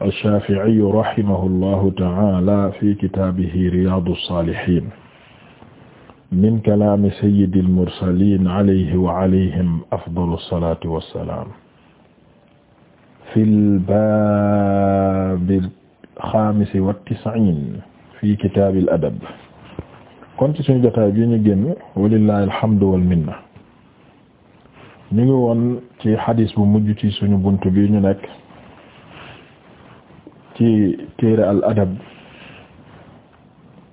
ash-Shaafi'i rahimahullahu ta'aala fi kitaabihi Riyaadu s-Saalihiin min kalaami sayyidil mursaliin alayhi wa alayhim afdalu s-salaati wa s-salaam fil baabil xaamisi wa tis'iin fi kitaabil adab kon ci suñu jotaay bi ñu génn walillaahi alhamdu wal minna ñu ngi woon ci xadiis bu mujj ci suñu bunt bi ñu nekk ci téere al adab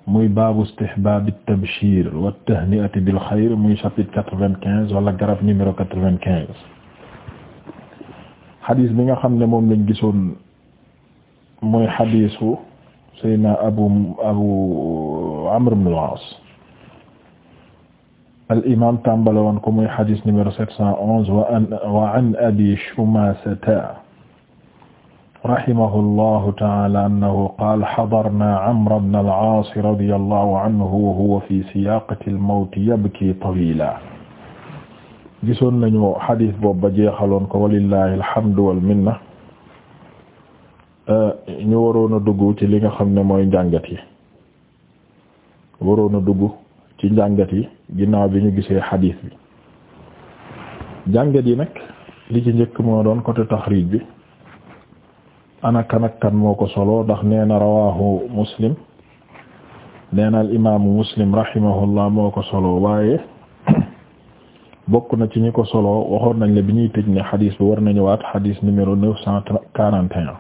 muy baabu istihbaab at-tabshir wa at-tahni'ati quatre-vingt-quinze wala garab numéro bi nga xam ne moom lañ gisoon mooy xadisu Seydina abu abu Amr ibn as al imaam tàmbale woon ko muy xadis numéro sept cent onze wa an wa an Abi rahimahullahu ta'ala annahu qaala hadarnaa Amra bna al-Aas radiyallahu anhu wa huwa fi siyaaqati al-mawti yabkii gisoon nañu xadis boobu ba jeexaloon ko walillahi alhamdu wal ñu waroona a dugg ci li nga xam ne mooy njàngat yi waroon a dugg ci njàngat yi ginnaaw bi ñu gisee xadis bi njàngat yi nag li ci njëkk moo doon côté taxriij bi. ana kan moo ko solo ndax nee na rawahu muslim nee na al imaamu muslim rahimahullah moo ko solo waaye bokk na ci ñi ko solo waxoon nañ la bi ñuy tëj ne xadis bi war nañu waat xadis numéro neuf cent quarante et un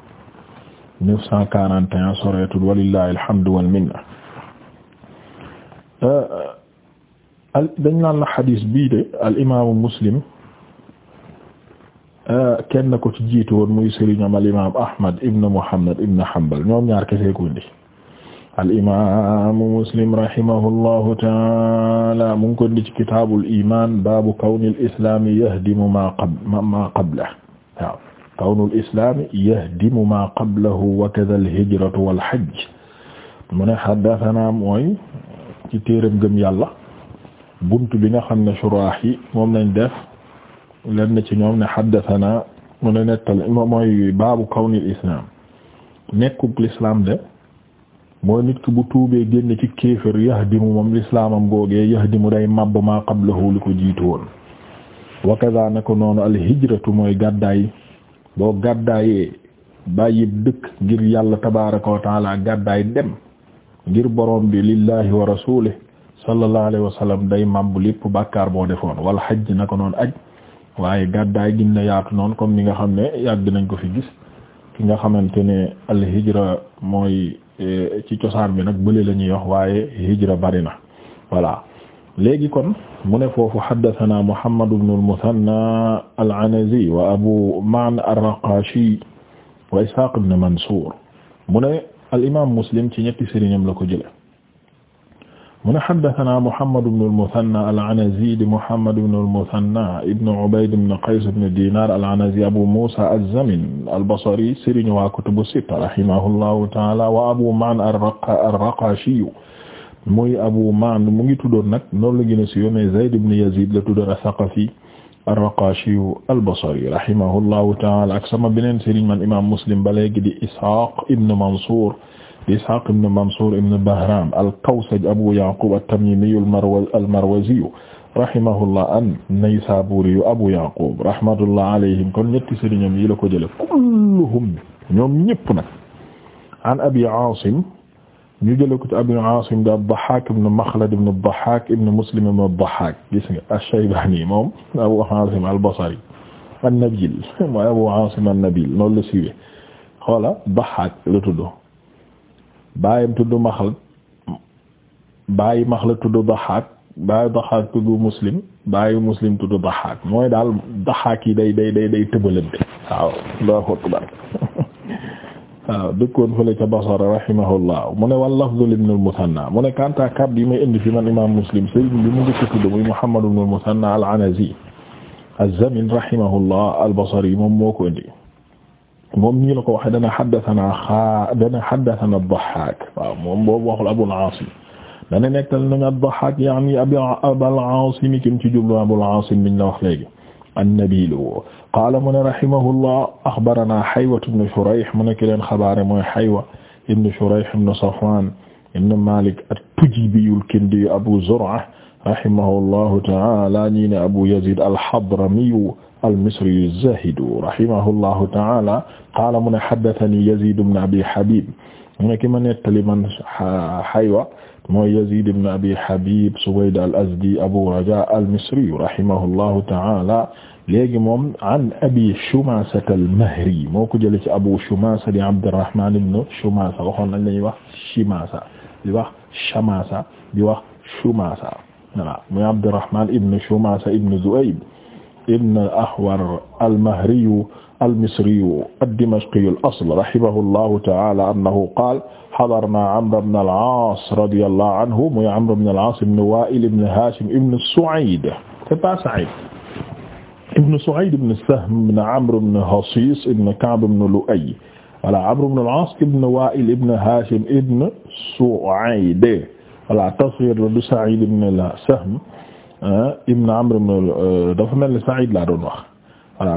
neuf cent quarante et un soreetul walillahi alhamdu wal euh, dañ naan la xadis bii de al imaamu muslim Euh, kenn ko ci jiitu woon muy sëriñam al imaam Ahmad ibn Muhammad ibn Hanbal ñoom ñaar kese ko indi al imaamu Muslim rahimahullahu taala mu ngi ko indi ci kitaabul iimaan baabu kawnil islaami yahdimu maa qab maa qablahu waaw kawnul islaami yahdimu maa qablahu wa kadhal hijratu wal hajj mu ne haddathanaa mooy ci téeram gëm yàlla buntu bi nga xam ne shuraax yi moom lañ def. leen ci ñoom ne haddathana mu ne nettal mooy baabu kawnil islam nekkub l'islam de mooy nit ki bu tuubee génn ci kéefër yahdimu moom lislaamam googee yahdimu day màbb maa qablahu li ko jiitu woon wa kaza nako noonu al hijratu mooy gàddaay boo gàddaayee bàyyib dëkk ngir yàlla tabaaraka wa taala gàddaay dem ngir borom bi lillahi wa rasulih sallallahu alayhi wa sallam day màbb lépp bàkkaar boo defoon wal hajj nako noonu aj waaye gàddaay gin na yaatu noonu comme ni nga xam ne yàgg nañ ko fi gis ki nga xamante ne al hijra mooy eh, ci cosaan bi nag bële la ñuy wax waaye hijra bari na voilà léegi kon mu ne foofu haddathana Muhammad ibn al-Muthanna al-Anazi wa Abu Ma'n ar-Raqashi wa Ishaq ibn Mansur mu ne al imam Muslim ci ñetti sëriñam la ko jële mu ne haddasanaa Muhammad ibn al-Musanna al-Anazi di Muhammad ibn al-Musanna ibn Ubayd ibn Qays ibn Dinar al-Anazi Abu Musa az-Zamin al-Basri sëriñ waa kutubu sitta rahimahullahu ta'ala wa Abu Ma'n ar-Raqashi muy Abu Ma'n mu ngi tuddoon nag noonu la gën a siiwee mais Zayd ibn Yazid la tuddoon as-Saqafi ar-Raqashi al-Basri rahimahullahu ta'ala ak sama beneen sëriñ man imaam Muslim ba léegi di Ishaq ibn Mansur Ishaq ibn Mansour ibn Bahram al-Kawsaj Abu Yaqub at-Tamimi al-Marwazi rahimahullah an-Naysaburi Abu Yaqub rahmatullah alayhim kon ñetti sëriñam yi la ko jële kulluhum ñoom ñëpp nag an Abi Asim ñu jële ko ci Abi Asim da Dahhak ibn Makhlad ibn Dahhak ibn Muslim ibn Dahhak gis nga ash-Shaybani moom Abu Asim al-Basri an-Nabil mooy Abu Asim an-Nabil noonu la siiwee xoola Dahhak la tudd baayam tudd Maxlad baayi Maxlad tudd Daxaak baayu Daxaak tudd Muslim baayu Muslim tudd Daxaak mooy daal Daxaak yi day day day day tëbalante waaw Allahu akbar waaw dëkkoon fële ca Basra rahimahullah mu ne wal lafzu ibn al-Muthanna mu kanta kàddu yi may indi fi man imam Muslim sëriñ bi mu njëkk tudd muy Muhammad ibn al-Muthanna al-Anazi az-Zamin rahimahullah al-Basri moom moo indi moom nii la ko waxee dana xaddasanaa xaa dana xaddasanaa ad-Dahhaak waaw moom boobu waxul Abul Aasim dana nekkal nañu ad-Dahhaak yaani Abul Aasim kim ci jublu Abul Aasim biñ la wax léegi an-Nabil qaala mu ne rahimahullah axbaranaa Haywa ibn Shurayh mu nekk leen xabaare mooy Haywa ibn Shurayh ibn Safwaan ibn Maalik at-Tujibi al-Kindi Abu Zur'a rahimahullahu ta'ala ñi ne Abu Yazid al-Hadramiyu al-Misriyu az-Zahidu rahimahullahu ta'ala qaala mu ne haddathani Yazid ibn Abi Habib mu ne ki ma nettali man Haywa mooy Yazid ibn Abi Habib Suwayd al-Azdi Abu Raja al-Misriyu rahimahullahu ta'ala léegi moom an Abi Shumasa al-Mahri moo ko jëlee ci Abu Shumasa di Abdurrahman ibn Shumasa waxoon nañ lañuy wax Shimasa di wax Shamasa di wax Shumasa voilà muy Abdurrahman ibn Shumasa ibn Zu'ayb ibn al-Ahwar al-Mahri al-Misri ad-Dimashqi al-asl rahimahullahu ta'ala annahu qala hadarna Amr ibn al-As radiyallahu anhu muy Amr ibn al-As ibn Wa'il ibn Hashim ibn Su'ayd c'est pas Sa'id ibn Su'ayd ibn Sahm ibn Amr ibn Hasis ibn Ka'b ibn Lu'ay voilà Amr ibn al-As ibn Wa'il ibn Hashim ibn Su'ayd voilà tasghir la du Sa'id ibn la Sahm ah, ibn Amr ibn euh, dafa mel ni Sa'id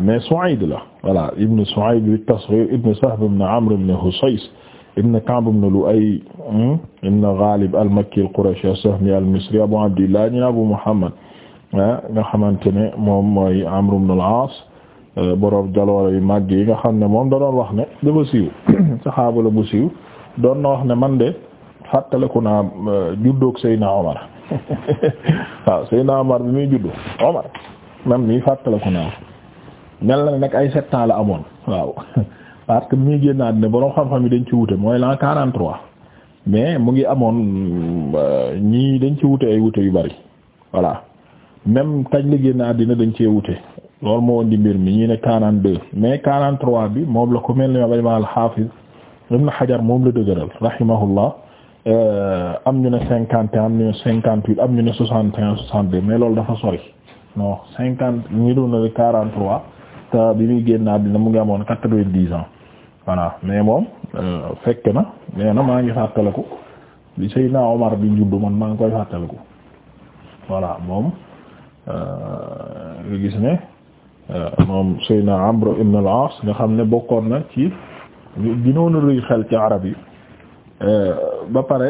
mais Su'ayd la voilà ibn Su'ayd bi tasghir ibn Sahm ibn Amr ibn Husays ibn Ka'b ibn Lu'ay hmm, ibn Ghalib al-Makki al-Qurashi as-Sahmi al-Misri Abu Abdillah ñu Abu Muhammad ah, nga xamante ne moom mooy Amr ibn al-As euh, borom jaloore yu màgg yi nga xam ne moom da doon wax ne dafa siiw saxaaba la bu siiw na man de fàttaliku naa euh, juddoog Seydina Omar waaw Seydina Omar bi muy juddu Omar man mii fàttaliku naa mel na nag ay sept ans la amoon waaw parce que muy génnaat ne borom xam-xam yi dañ ci wute mooy la quarante trois mais mu ngi amoon euh, ñii dañ ci wute ay wute yu bari voilà même kañ la génnaat dina dañ cee wute loolu moo di mbir mi ñii ne quarante mais quarante trois bi moom la ko mel ni ma bay ma al Hafiz Ibn Hajar moom la dëgëral rahimahullah Euh, am ñu ne cinquante am ñu ne cinquante huit am ñu ne soixante et un soixante deux mais loolu dafa sori non cinquante ñu doon na quarante trois te bi muy génn àddina mu ngi amoon quatre-vingt-dix ans voilà mais moom euh, fekk na nee na maa ngi fàttaliku li Seydina Omar bi juddu man maa ngi koy fàttaliku voilà moom euh, nga gis ne moom Seydina Amr ibn al nga xam ne bokkoon na ci ñu a rëy xel ci arab yi ba pare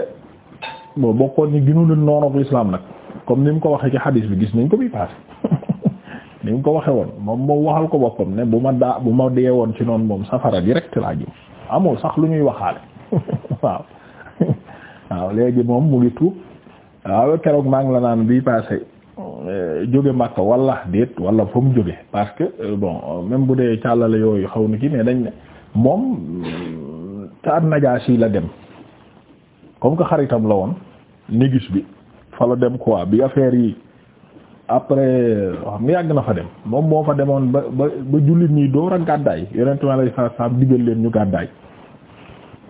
boo bokkoon ñi gënu leen noonu ak l'islam nag comme ni mu ko waxee ci xadiis bi gis nañ ko bi passé ni mu ko waxee woon moom moom waxal ko boppam ne bu ma daa bu ma dee woon ci noonu moom safara direct laa jëm amul sax lu ñuy waxaale waaw waaw léegi moom mu ngi tuub waaw keroog maa ngi la naan bi passé eh, jóge Makka walla déet wala fa mu jóge parce que euh, bon même bu dee càllale yooyu xaw na kii mais dañ ne moom euh, ca Najaashi la dem comme que xaritam la woon négus bi fa la dem quoi bi affaire yi après xam nga yàgg na fa dem moom moo fa demoon ba ba ba jullit ñi door a gàddaay yonentu Yàlla sallallahu alayhi wasallam digal leen ñu gàddaay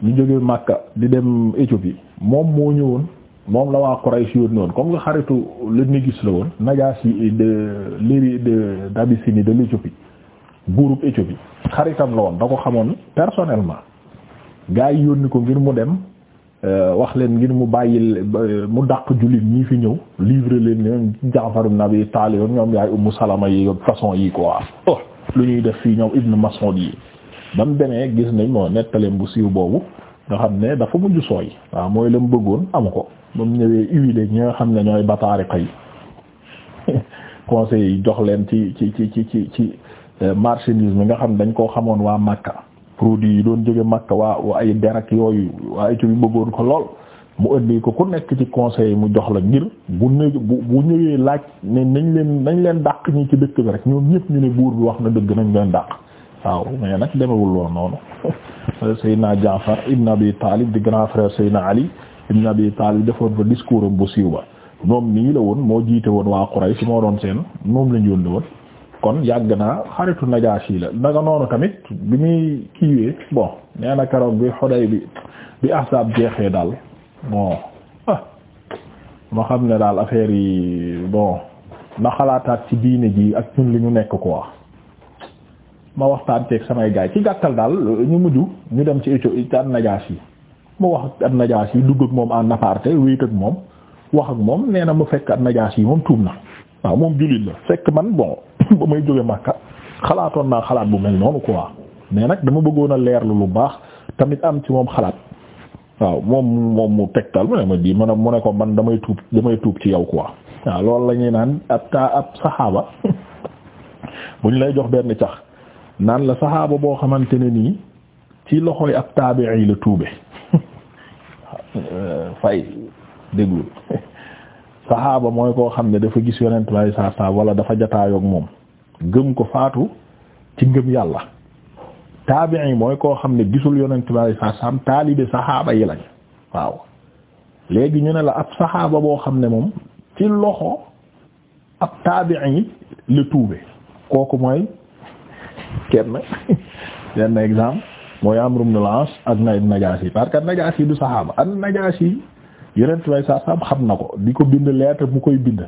ñu jóge Makka di dem Éthiopie moom moo ñëwoon moom la waa Quraysh yónni woon comme nga xaritu le négus la woon Najaasi de l'iri de d'Abyssinie de l'Éthiopie buurub Éthiopie xaritam la woon da ko xamoon personnellement gaa yi yónni ko ngir mu dem Euh, wax leen ngir mu bàyyil mu dàq jullit ñi fi ñëw livre leen ñoom Jaafar ibn Abi Taalib ñoom yaay Ummu Salama yi façon yi ko quoi oh lu ñuy def fii ñoom Ibn Mas'ud yi ba mu demee gis nañ moo nettaleem bu siiw boobu nga xam ne dafa mujj sooy waaw mooy la mu bëggoon am ko ba mu ñëwee huilé ñi nga xam ne ñooy bataariqa yi conseil yi jox leen ci ci ci ci ci ci euh, marchandise mi nga xam dañ koo xamoon waa Makka produit yi doon jóge Makka waa waa ay derak yooyu waaye équipe bi bëggoon ko lool mu indi ko ku nekk ci conseil mu jox la ngir bu ne bu ñëwee laaj ne nañ leen nañ leen dàq ñi ci dëkk bi rek ñoom ñëpp ñu ne buur bi wax na dëgg nañ leen dàq waaw mais nag demewul woon noonu Seydina Jaafar ibn Abi Talib di grand frère Seydina Ali ibn Abi Talib defoon fa discours am bu siiw ba moom nii la woon moo jiite woon waa si moo doon seen moom lañ yónni woon kon yàgg naa xaritu najaas yi la naka noonu tamit bi muy kiiwee bon nee na keroog bi xoday bi bi ahsaab jeexee daal bon ah ma xam ne daal affaire yi bon na xalaataat ci diine ji ak ñun li ñu nekk quoi ma waxtaan ceeg samay gaay ci gàttal daal ñu mujj ñu dem ci Éthiopie ci najaas najaashi mu wax ak an-Najaashi dugg ak moom en aparté wéet ak moom wax ak moom nee na mu fekk an yi moom tuub na waaw moom jullit la fekk man bon. ba may jóge Makka xalaatoon naa xalaat bu mel noonu quoi mais nag dama bëggoon a leerlu lu baax tamit am ci moom xalaat waaw moom moom mu tegtal mu ne man mu ne ko man damay tuub damay tuub ci yaw quoi waaw loolu la ñuy naan ab ta saxaaba bu ñu lay jox benn cax naan la saxaaba boo xamante ne nii ci loxoy ab taabi'i la tuube fay déglu saxaaba mooy koo xam ne dafa gis yonent bi sallallahu alayhi wasallam wala dafa jataayoog moom gëm ko faatu ci gëm yàlla taabi'i mooy koo xam ne gisul yonent bi sallallahu alayhi wasallam taalibe saxaaba yi lañ waaw léegi ñu ne la ab saxaaba boo xam ne moom ci loxo ab taabi'i la tuube kooku mooy kenn benn exemple mooy Amr ibn al-As ak an yi parce que an-Najaasi du saxaaba an-Najaasi yi bi sallallahu alayhi wasallam xam na ko di ko bind lettre mu koy bind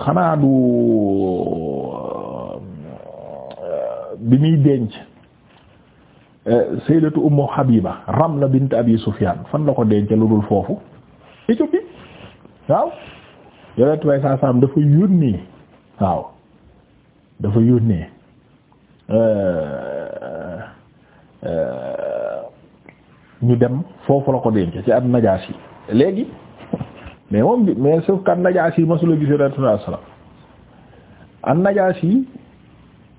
xanaa du bi muy denc eh, sayyidatu ummu habiba ramla bint abi sufyan fan la ko denc lu dul foofu Éthiopie waaw yonent bay saa saam dafa yónnee waaw dafa yónnee eh, eh, ñu dem foofu la ko denc ci ab Najaasi léegi mais moom bi mais sauf kan Najaasi masula gis yonent bi sallallahu alayhi wasallam an Najaasi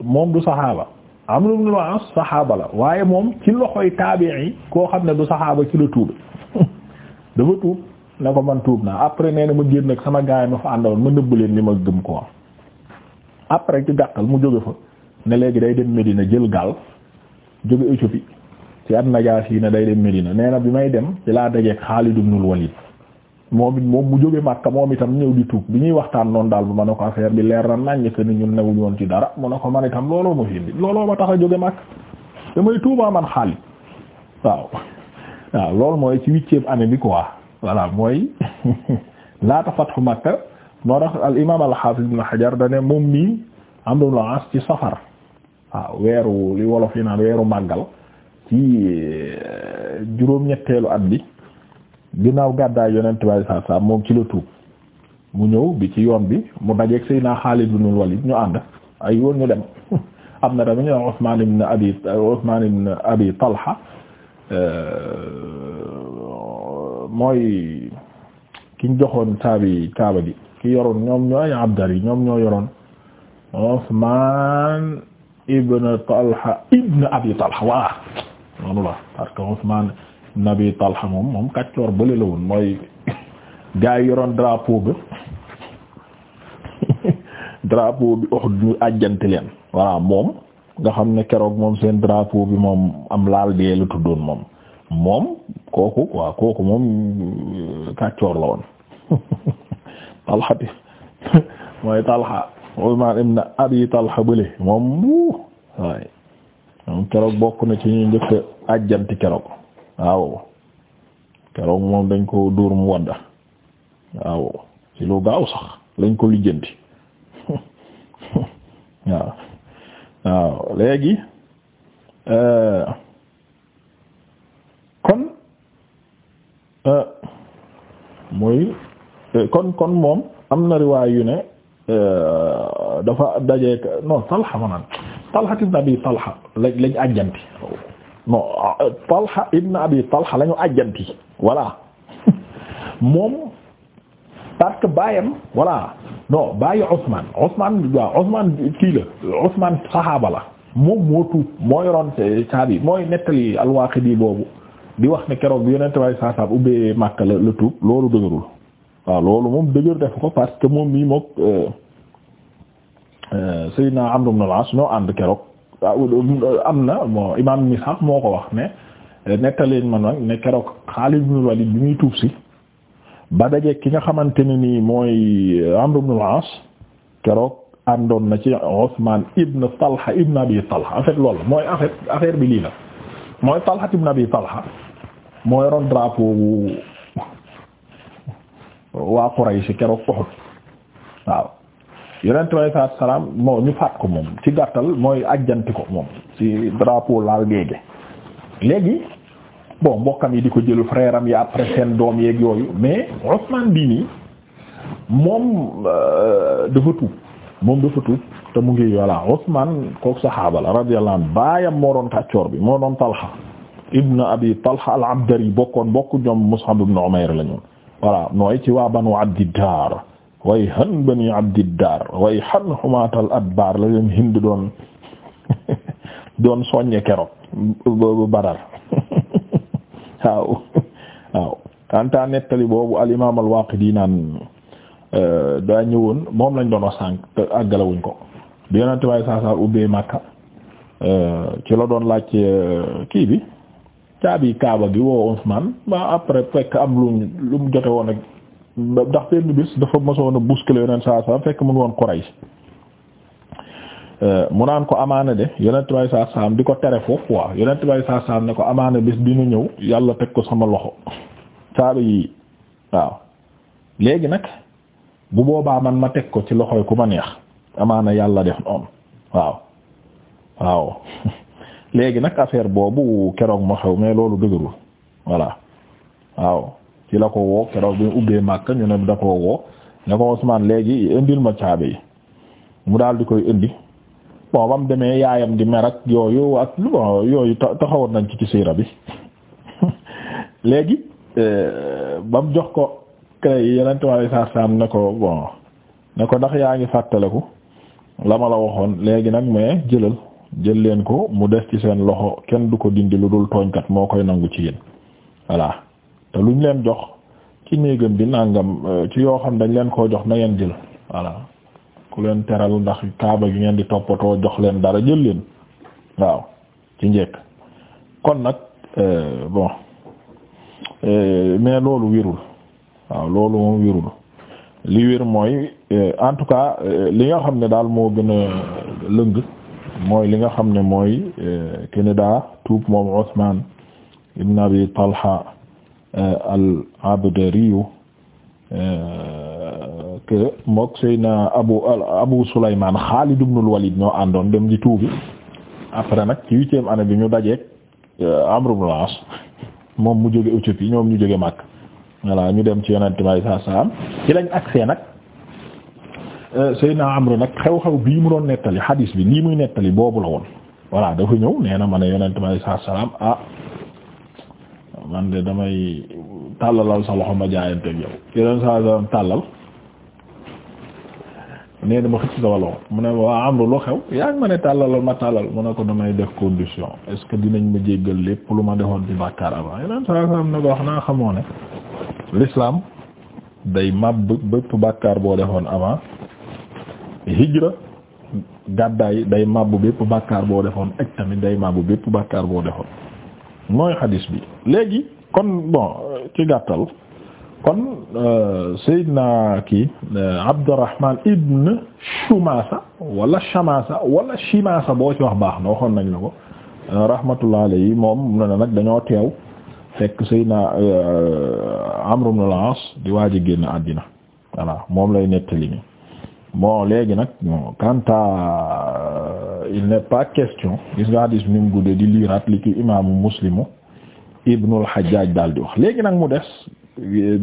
moom du saxaaba Amr ibn al-As saxaaba la waaye moom ci loxoy taabi'i koo xam ne du saxaaba ci la tuub dafa tuub ne ko man tuub naa après nee na ma génn ak sama gaay ma fa àndoon ma nëbb leen li ma gëm ko après ci gàttal mu jóge fa ne léegi day dem Medina jël gaal jóge Éthiopie ci an Najaasi ne day dem Medina nee na bi may dem ci laa dajeek Xaalid ibn al-Walid moom it moom mu jóge Makka moom itam ñëw di tuub bi ñuy waxtaan noon daal bu ma ne ko affaire bi leer na naññ que ni ñun newuñ woon ci dara mu ne ko man itam looloo ma findi looloo ma tax a jóge Makka damay tuubaa man Xaalid waaw waaw loolu mooy ci huitième bi quoi voilà mooy laata fatxu Makka moo tax al imaam al xaafiz ibn da moom mii Amru ibn al-As ci safar waaw weeru li wolof yi naan weeru màggal ci euh, juróom-ñetteelu at bi. ginnaaw gàddaay yonent bi saa saa moom ci la tuub mu ñëw bi ci yoon bi mu dajeeg Seydina Xaalid ibn Walid ñu ànd ay yoon ñu dem am na tamit ñu naan Usmaan ibn Abi Usmaan ibn Abi Talha euh, mooy ki ñu joxoon taabi kaaba gi ki yoroon ñoom ñooy abdar yi ñoom ñoo yoroon Usmaan ibn Talha ibn Abi Talha waaw noonu la parce que Usmaan nabi talha moom moom kaccoor bële la woon mooy gaa yoroon drapeau bi drapeau bi Uhud ñu àjjanti leen voilà moom nga xam ne keroog moom seen drapeau bi moom am laal dee la tuddoon moom moom kooku waaw kooku moom euh, kaccoor la woon talxati mooy talxa Usmaan ibn Abi Talxa bële moom waaye moom keroog bokk na ci ñu njëkk àjjanti keroog waaw keroog moom dañ ko duur mu wadda waaw ci lu gaaw sax lañ ko lijjanti waaw waaw léegi euh, kon euh, muy euh, kon kon moom am na riwaay yu ne dafa dajeek non talxa ma naan talxa ibn abi talxa lañ lañ non euh, Talha ibn Abi Talha lañu ajjanti voilà moom parce que baayam voilà non baayu Ousmane Ousmane waaw Ousmane kii la Ousmane saxaaba la moom moo tuub moo yoroon caabi mooy nettali al-Waaqidi boobu di wax ne keroog bi yonent way saa ubbee Makka la la tuub loolu dëgërul waaw loolu moom dëgër def ko parce que moom mii mook euh, euh, Seydina Amr ibn al-As ñoo ànd keroog. waaw am na bon imam Mishab moo ko wax ne nettaleñ ma nag ne keroog Xaalid bi muy tuub si ba daje ki nga xamante ne nii mooy Amr ibn al keroog àndoon na ci Usman ibn Talha ibn Abi Talha en fait loolu mooy en fait affaire bi lii la mooy Talha ibn Abi Talha moo yoroon drapeau bu waa Quraysh keroog Uhud waaw yonent way faat moo ñu faat ko moom ci gàttal mooy ajjanti ko moom ci drapeau laal géege léegi bon mbokkam yi di ko jël frère am yi après seen doom yéeg yooyu mais Ousmane bii nii moom euh, dafa tuub moom dafa tuub te mu ngi voilà Ousmane kooku saxaaba la radiyallahu anhu baayam moo doon tàccoor bi moo doon Talha ibn Abi Talha al-Abdari bokkoon bokk ñoom Mus'ab ibn Umayr la ñu voilà ci waa Banu Abdiddar way han bani abdiddaar way han xumaatal baar la leen hind doon doon soññe keroog boobu badar waaw waaw nettali boobu al imaam al Waaqidi naan euh, daa ñëwoon moom lañ doon wax sànq te àggalawuñ ko bi yonente waaye saasaar ubbee Makka euh, ci la doon laaj euh, kii bi caabi Kaaba bi woo Usmaan ba après fekk am lu lu mu jote woon ak ndax benn bis dafa mosoon a bousculer yonent saa saa fekk mu ngi woon Quraysh euh, mu naan ko amaana de yonent bay saa saam di ko tere foofu waaw yonent saa saam ne ko amaana bis bi nu ñëw yàlla teg ko sama loxo saaba yi waaw léegi nag bu boobaa man ma teg ko ci loxoy ku ma neex amaana yàlla def noonu waaw waaw léegi nag affaire boobu keroog ma xew mais loolu dëgërul voilà waaw ci la ko woo keroog bi mu ubbee Makka ñu ne da koo woo ne ko Usmaan léegi indil ma caabi yi mu daal di koy ëndi bon ba mu demee yaayam di mer yooyu ak lu bon yooyu taxawoon nañ ci ci siira bi léegi euh, ba mu jox ko clé yi yeneen tubaab yi saam ne ko bon ne ko ndax yaa ngi fàttaliku la ma la waxoon léegi nag mais jëlal jël leen ko mu def ci seen loxo kenn du ko dindi lu dul tooñkat moo koy nangu ci yéen voilà. te luñ leen jox ci néegam bi nangam euh, ci yoo xam dañ leen ko jox na ngeen jël voilà ku leen teral ndax kaaba gi ngeen di toppatoo jox leen dara jël leen waaw ci njekk kon nag euh, bon euh, mais loolu wirul waaw loolu moom wirul li wir mooy en tout cas li nga xam ne daal moo gën a lëng mooy li nga xam ne mooy kene daa tuub moom Usman ibn Abi Talha Euh, al abdariyu euh, que mook Seyna abu abu Souleymane Xaalid ibnul Walid ñoo àndoon dem di tuubi après nag ci huitième année bi ñu dajeeg euh, Amr ibn moom mu jóge Éthiopie ñoom ñu jóge màkk voilà ñu dem ci Yonent bi sallallahu alayhi wasallam ci lañ agsee nag Seyna Amr nag xew-xew bii mu doon nettali xadiis bi lii muy nettali boobu la woon voilà dafa ñëw nee na Yonent bi sallallahu alayhi ah, man de damay tàllalal sa loxo ma jaayante ak yow yeneen saa yi tàllal nee na ma xëcc sama mu ne waa am lu xew yaa ngi ma ne tàllalal ma tàllal mu ne ko damay def condition est-ce que dinañ ma jéggal lépp lu ma defoon ci bàkkaar avant yeneen saa yi ne ko wax naa xamoo ne l'islam day mab bépp bàkkaar boo defoon avant hijra day mab bépp bàkkaar boo defoon ak tamit day mab bépp bàkkaar boo defoon. mooy xadis bi léegi kon bon ci gàttal kon euh, Seydina kii euh, Abdurrahman ibn Shumasa wala Shamasa wala Shimasa boo ci wax baax na waxoon nañ la ko euh, rahmatullah alayhi moom na nag dañoo teew fekk Seydina Amr ibn al-As di waaj génn àddina voilà moom lay nettali ni bon léegi nag quant il n'est pas question gis nga hadis bi ni mu guddee di liiraat li ki imaamu muslimu ibnul Hajjaj daal di wax léegi nag mu des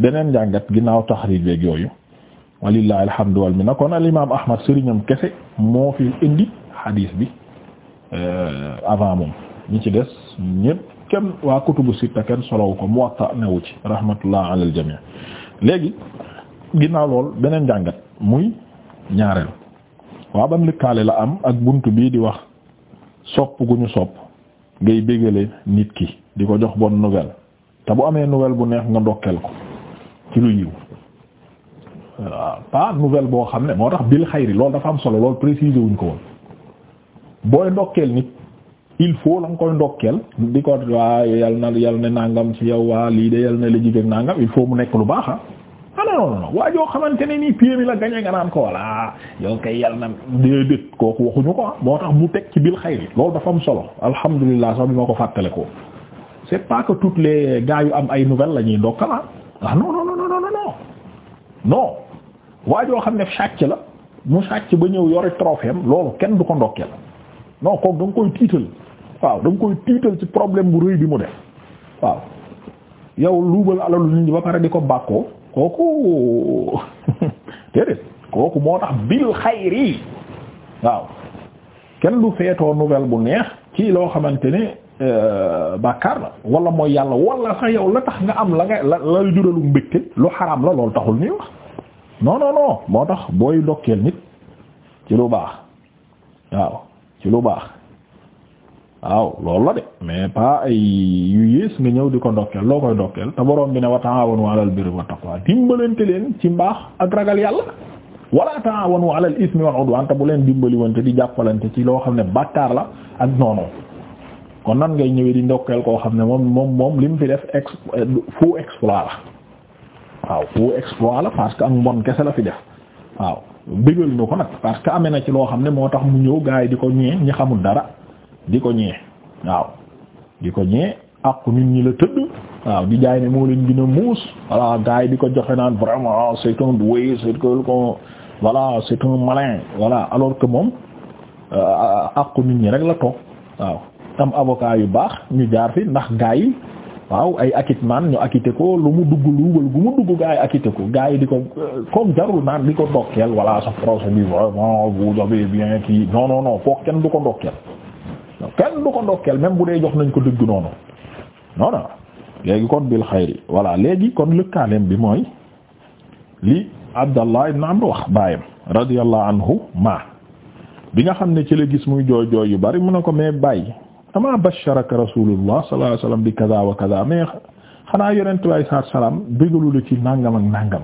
beneen njàngat ginnaaw taxriij beeg yooyu walillahi alhamdu wal minna kon al imaam Ahmad sëriñam kese moo fi indi hadis bi euh, avant moom ñi ci des ñëpp kenn waa kutubu sitta kenn solowu ko Muwatta newu ci rahmatullah alal jamii léegi ginnaaw lool beneen njàngat muy ñaareel. waaw ban lëkkaale la am ak bunt bii di wax sopp gu ñu sopp ngay bégale nit ki di ko jox bonne nouvelle te bu amee nouvelle bu neex nga ndokkeel ko ci lu yiw waaw pas nouvelle boo xam ne moo tax bil xayri lool dafa am solo loolu préciser wuñ ko woon booy ndokkeel nit il faut la nga koy ndokkeel di ko waaye yal na yal na nangam ci yow waa lii de yal na la jigéen nàngam il faut mu nekk lu baax ah. non non waa joo xamante ne nii pied bi la gañe nga ko walla yow kay yal na déedéet kooku waxuñu ko moo tax mu teg ci bil xayri loolu dafa am solo alhamdulilah sax bi ma ko fàttale ko c'est pas que toutes les gars yu am ay nouvelles la ñuy dokkala ah, ah non non non non non non xam ne sàcc la mu sàcc ba ñëw yori trophée am loolu kenn du ko ndokkeel non kooku da nga koy tiital waaw da nga koy tiital ci problème bu rëy bi mu def waaw yow luubal alalu nit ñi ba kooku déedéet kooku moo tax bil xayri waaw kenn du feetoo nouvelle bu neex ci loo xamante ne euh, bàkkaar la wala mooy yàlla wala sax yow la tax nga am la nga la la juralu mbégte lu xaram la loolu taxul nii wax non non moo tax booy ndokkeel nit ci lu baax waaw ci lu baax waaw loolu la de mais pas ay yu yées nga ñëw di ko ndokkeel loo koy ndokkeel te borom bi ne wa ta'awanu 'alal birri wat taqwa dimbalante leen ci mbaax ak ragal yàlla wala ta'awanu 'alal ismi wal 'udwan te bu leen dimbaliwante di jàppalante ci loo xam ne bàkkaar la ak noonu kon nan ngay ñëwee di ndokkeel koo xam ne moom moom moom li mu fi def ex faux exploit la waaw faux exploit la parce que ak mbon kese la fi def waaw bégal ko nag parce que amee na ci loo xam ne moo tax mu ñëw gaa yi di ko ñee xamul dara. di ko ñee waaw di ko ñee àqu nit ñi la tëdd waaw di jaay ne moo leen gën a muus voilà gars yi di ko joxe naan vraiment c'est un doué c'est quelqu'un voilà c'est un malin voilà alors que moom euh, àqu nit ñi rek la toog waaw am avocat yu baax ñu jaar fi ndax gars yi waaw ay acquittement ñu acquitté ko lu mu dugg lu wal gu mu dugg gars yi acquitté ko gars yi di ko comme euh, jarul naan di ko ndokkeel voilà sa procès bi vraiment vous avez bien kii non non non foofu kenn du ko ndokkeel kenn du ko ndokkeel même bu dee jox nañ ko dëgg noonu non non léegi kon bil xayri voilà léegi kon lëkkaaleem bi mooy li Abdallah ibn Amr wax baayam radiyallahu anhu ma bi nga xam ne ci la gis muy jooy jooy yu bari mun ne ko mais bàyyi ama basharaka rasulullah sallallahu alayhi wasallam bi kaza wa kaza mais xanaa yonent bi saa salaam bégalu ci nàngam ak nàngam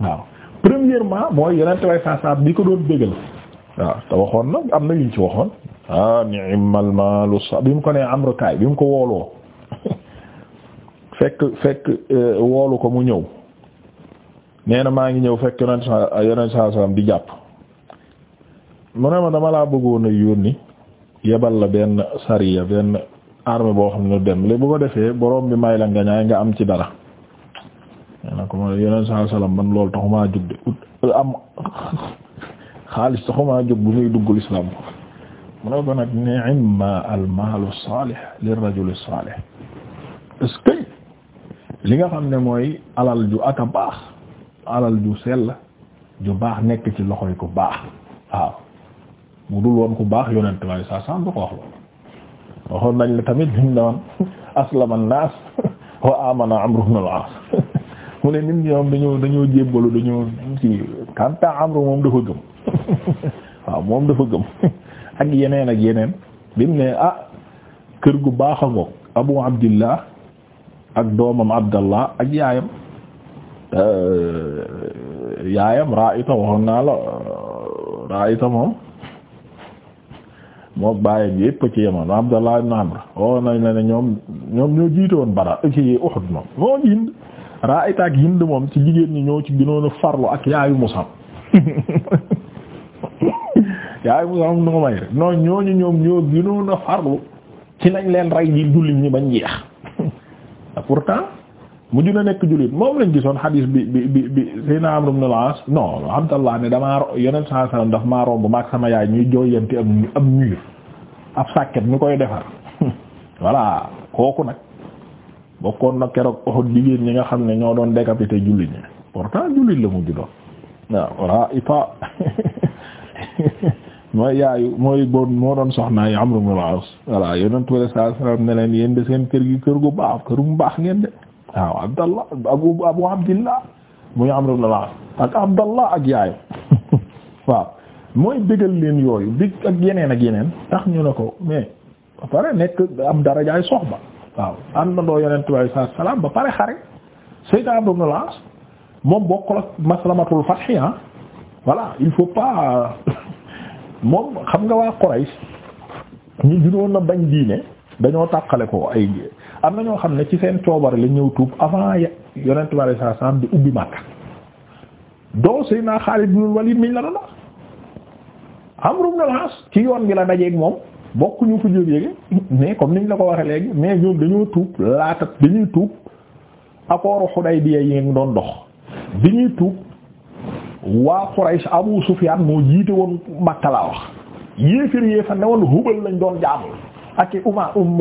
waaw premièrement mooy yonent bi saa salaam bi ko doon bégal waaw te waxoon na am na liñ ci waxoon ah ni'mal lu sa bi mu ko nee amru bi mu ko wooloo fekk fekk eh, woolu ko mu ñëw nee na maa ngi ñëw fekk yonent sa yonent saa salaam di jàpp mu ne ma dama laa bëggoon a yónni yebal la benn sariya benn arme boo xam ne dem li bu ko defee borom bi may la nga ñaay nga am ci dara nee na ko ma salaam man loolu taxumaa jug de am xaalis taxumaa jóg bu muy dugg islam mu ne ko nag ni'ma almaalu saalih lirajuli saalih est-ce li nga xam ne mooy alal ju aka baax alal ju sell ju baax nekk ci loxoy ku baax waaw bu dul woon ku baax yonent waaye saa saa du ko wax loolu waxoon nañ la tamit ñu ne woon aslama an-naas wa amana Amru ibn al-Aas mu ne nit ñi dañoo dañoo jébbalu dañoo ci kanta Amru moom dafa gëm waaw moom dafa gëm ak yeneen ak yeneen bimu ne ah kër gu baax a abu abdillah ak doomam abdallah ak yaayam euh, yaayam raita waxoon naa la euh, raita moom moom bàyyam yëpp ci yemoon abdallah ibn amr waxoon nañ la ñoom ñoom ñoo jiitoon bara eh, ci moom moo hind raita ak hind moom ci jigéen ñi ñoo ci gënoon a farlu ak yaayu musab yaay Mus'ab ibn Umayr non ñooñu ñoom ñoo gënoon a farlu ci nañ leen rey jullit ñi bañ jeex pourtant mujj na nekk jullit moom lañ gisoon xadiis bi bi bi bi Seydina Amr ibn al ne damaa yeneen saa salaam daf maa romb maag ñuy jooyanti am am mur ab sàkket ñu koy defar voilà kooku nag bokkoon na keroog Uhud jigéen ñi nga xam ne ñoo doon décapité jullit ñi pourtant jullit la mujj doon waaw voilà ipa mooy yaayu mooy bon moo doon soxnaay Amru ibn al-As voilà yonent bi sallallahu alayhi wasallam ne leen yéen de seen kër gi kër gu baax kër gu baax ngeen de waaw Abdallah abu abu Abdillah muy Amru ibn al-As ak Abdallah ak yaayu waaw mooy bégal leen yooyu bég ak yeneen ak yeneen tax ñu ne ko mais ba pare nekk am darajaay soxba waaw àndandoo yonent bi sallallahu alayhi wasallam ba pare xare Sayyid Amru ibn al-As moom bokkul ak maslamatul ah. moom xam nga waa Quraysh ñu gënoon na bañ diine dañoo tàqale ko ay am na ñoo xam ne ci seen coobare la ñëw tuub avant yonent bi alayhi salaam di ubbi Makka doo Seydina Xaalid ibn Walid miñ la doon wax Amru ibn al-As ci yoon bi la dajeek moom bokk ñu fa jógee mais comme niñ la ko waxee léegi mais ñoom dañoo tuub laata dañuy tuub accord Hudaybiya yi ngi doon dox bi tuub waa Quraysh Abu Sufyan moo jiite woon Makka laa wax yéefir yée fa newoon Hubal lañ doon jaamu ak i uma umm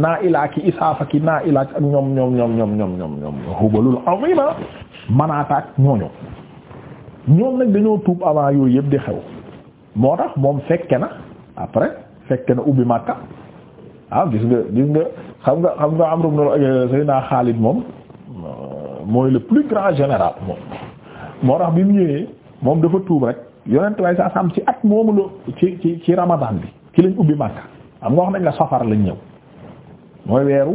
Naa'ila ki Isaafa ki Naa'ila ak ñoom ñoom ñoom ñoom ñoom ñoom ñoom Hubalul azima dañoo tuub avant yooyu yëpp di xew moo tax moom fekke na après fekke na ubbi Makka ah gis nga gis nga xam nga xam nga Amru ibn Sayyidina Xaalid moom euh, mooy le plus grand général moo tax bi mu ñëwee moom dafa tuub rek yonent way sa ci at moomu la ci ci ci bi ci lañ ubbi Makka am nga wax nañ la safar lañ ñëw mooy weeru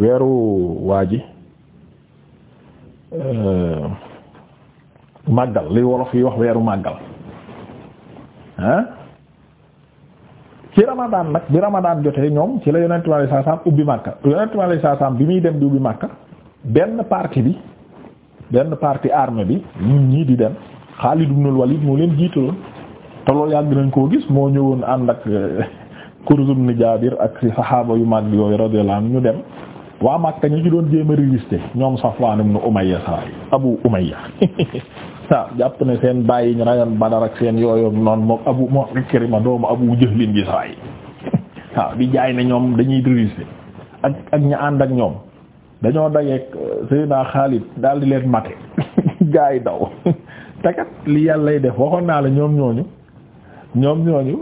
weeru waaji ji euh, màggal li wolof yi wax weeru màggal ah ci ramadan nag bi ramadan jotee ñoom ci la yonent way sa ubbi Makka yonent way sa bi muy dem di ubbi Makka benn partie bi benn partie armée bi ñun ñii di dem Xaalid ibn Walid moo leen jiitaloon te loolu yàgg nañ koo gis moo ñëwoon ànd ak eh, Kurz ibn Jaabir ak ci saxaaba yu mag yooyu radiyallahu anhu ñu dem waa Makka ñu ci doon jéem a résister ñoom Safwaan ibn Umayya saa yi Abu Umayya waaw jàpp ne seen bàyyi ñu rayoon Badar ak seen yooyu noonu moom Abu moom Ikrima doomu Abu Jahlin ji saa yi waaw di jaay ne ñoom dañuy résister ak ak ña ànd ak ñoom. dañoo dajeeg euh, Seydina Xaalid daal di leen mate gaa yi daw takat li yàlla def waxoon naa la ñoom ñooñu ñoom ñooñu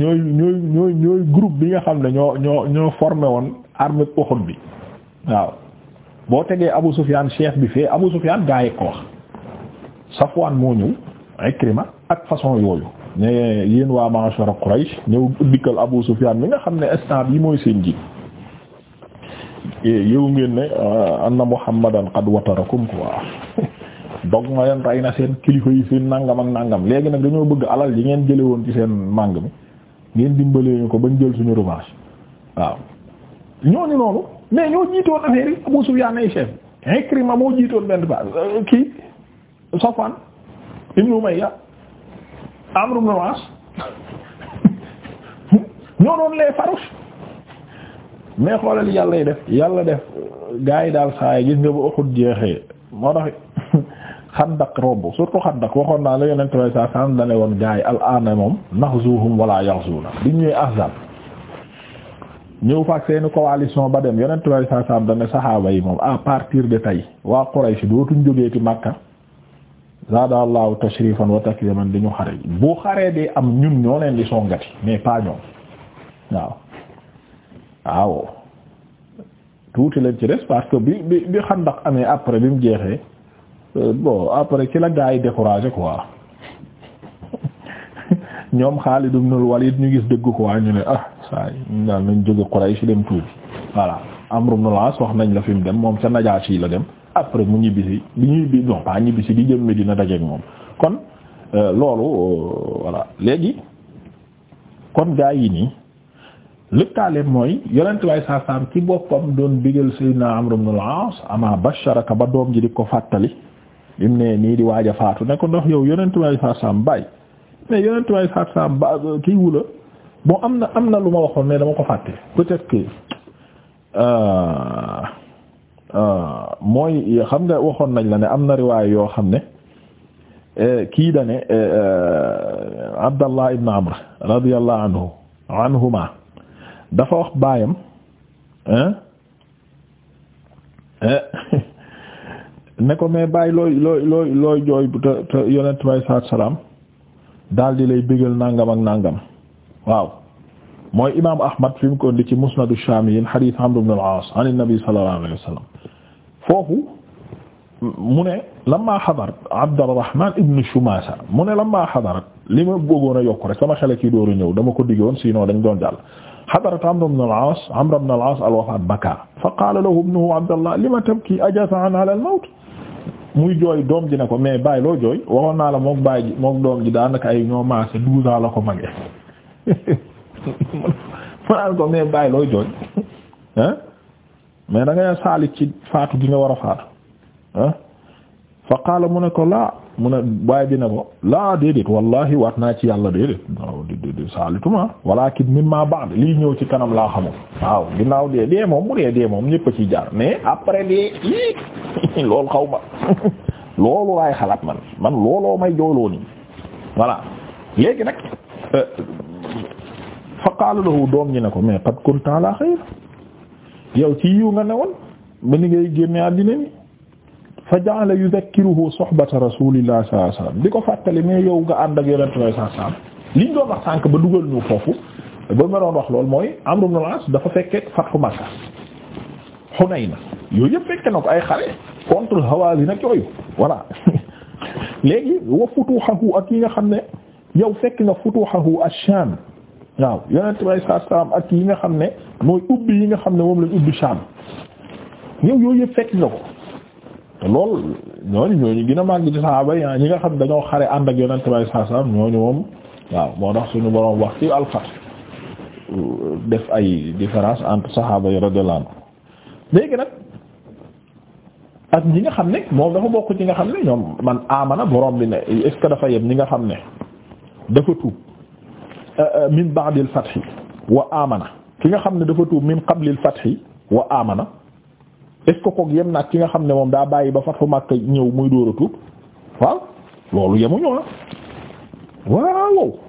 ñooy ñooy ñooy ñooy groupe bi nga xam ne ñoo ñoo ñoo formé woon armée Uhud bi waaw boo tegee Abu Sufyaan chef bi fee Abu Sufyaan gaa yi ko wax Safwaan moo ñëw Ikrima ak façon yooyu ne yéen waa ma'shara Quraysh ñëw dikkal Abu Sufyaan mi nga xam ne instant yi mooy seen jiit Eh, yëgu ngeen ne ah, anna muhammadan qad watarakum quoi dog ma leen rey na seen kilifa yi seen nangam ak léegi nag dañoo bëgg alal yi ngeen jële woon ci seen màng mi ngeen dimbalee ñu ko bañ jël suñu revanche waaw ñooñu noonu mais ñoo jiitoon affaire yi Abu Sufyaan ay chef Ikrima moo jiitoon benn ba euh, kii Safwan ibn Umayya Amr ibn al-As ñoo doon les farouches mais xoolal yàlla yi def yàlla def gaa yi daal saa yi gis nga bu Uhud jeexee moo tax xandak romb surtout xandak waxoon naa la yonent way saa san dane woon gaa yi al aana moom naxzuhum wala yaxzuuna bi ñuy ahzab ñëw faak seeni coalition ba dem yonent way saa san dane saxaaba yi moom à partir de tey waa Quraysh dootuñ jógeeti Makka zaada allahu tashrifan wa takriman di ñu xare bu xaree dee am ñun ñoo leen di songati mais pas ñoom waaw tuuti lañ ci des parce que bi bi xam xandax amee après bi mu jeexee euh, bon après ci la gaa yi ko quoi ñoom Xaalid ibn al-Walid ñu gis dëgg quoi ñu ne ah saa yi daal nañ jóge Quraysh dem tuuti voilà Amr ibn al-As wax nañ la fi mu dem moom ca Najaashi la dem après mu ñibbisi bi ñibbi non pas ñibbisi di jëm dina dajeek moom kon euh, loolu euh, voilà léegi kon gaa yi nii. lëkkaale mooy yonent way saa saam ci boppam doon digal Seydina Amr ibn al-As ba basharaka ba doom ji di ko fàttali lim ne nii di waaja faatu ne ko ndox yow yonent way saa saam bàyyi mais yonent ba kii wula bon am na am na lu ma waxoon mais dama ko fàtte peut-être que euh, euh, mooy xam nga waxoon nañ la ne am na riwaay yoo xam ne euh, kii da ne Abdallah ibn Amr radiyallahu anhu anhuma dafa wax baayam hein eh, ne ko mais bàyyi looy looy looy looy jooy te te yonent bay saat salaam daal di lay bégal nangam ak nangam waaw mooy imaamu Ahmad fi mu ko indi ci musnadu Shaamiyin hadith Amr ibn al-Aas an nabi sallallahu alayhi wa sallam foofu mu ne lamma xadar Abdurrahman ibn Shumasa mu ne lamma xadarat li ma bëggoon a yokk rek sama xele kii dooru ñëw dama ko diggoon sinon dañ doon jàll hadarat Amr ibn al-As Amr ibn al-As al baka fa qala lahu ibnuhu Abdallah lima tabki ajaza an ala al-mawt muy jooy doom ji ne ko mais bàyyi loo jooy waxoon naa la mook bàyyi ji mook doom ji daanaka ay ñoo maase douze ans la ko magee mu naan ko mais bàyyi loo jooy ah mais da ngay ci faatu gi nga war a faatu fa qaala mu ne ko laa mu ne waaye dina ko laa déedéet wallahi waat naa ci yàlla déedéet waaw déedéet saalituma walakin mimma ba'd lii ñëw ci kanam laa xamul waaw ginnaaw dee dee moom mu dee dee moom ñëpp a ciy jaar mais après dee i loolu xaw ma loolu laay xalaat man man looloo may jooloo nii voilà léegi nag euh, fa qaala lahu doom ñi ne ko mais qad kunta ala xayr yow ci yiw nga ne woon ba ni ngay génne àddina ni fa ja'ala yudhakkiruhu sohbata rasulillah sallallahu alayhi ko fàttali mais yow nga ànd ak yonent sallallahu alayhi wasallam liñ doon wax sànk ba dugal ñu foofu ba ma wax loolu mooy Amr ibn al dafa fekke fathu Makka Hunayna yooyu yëpp fekke na ko ay xare contre Hawazin ak yooyu voilà léegi wa futuhahu ak yi nga xam ne yow fekk nga futuhahu ash-Sham waaw yonent bi saa saam ak yi nga xam ne mooy ubbi yi nga xam ne moom lañ ubbi Sham yow yooyu yëpp fekk nga ko te lool ñooñu ñooñu gën màgg ci saaba yi ñi nga xam ne dañoo xare ànd ak yonent bay saasaam ñooñu waaw moo tax suñu boroom wax ci alfat ay différence entre saxaaba yi radiyallahu léegi nag ak ñi nga xam ne moom dafa bokk ci nga xam ne ñoom man amana borom bi ne est dafa yem ñi nga xam ne dafa tuub euh, euh, min ba'dil fathi wa amana ki nga xam ne dafa tuub min qablil fathi wa amana est-ce que kook yem nag ki nga xam ne moom daa bàyyi ba fatu Makka ñëw muy dóor a tuub waaw loolu yemuñu ah waaw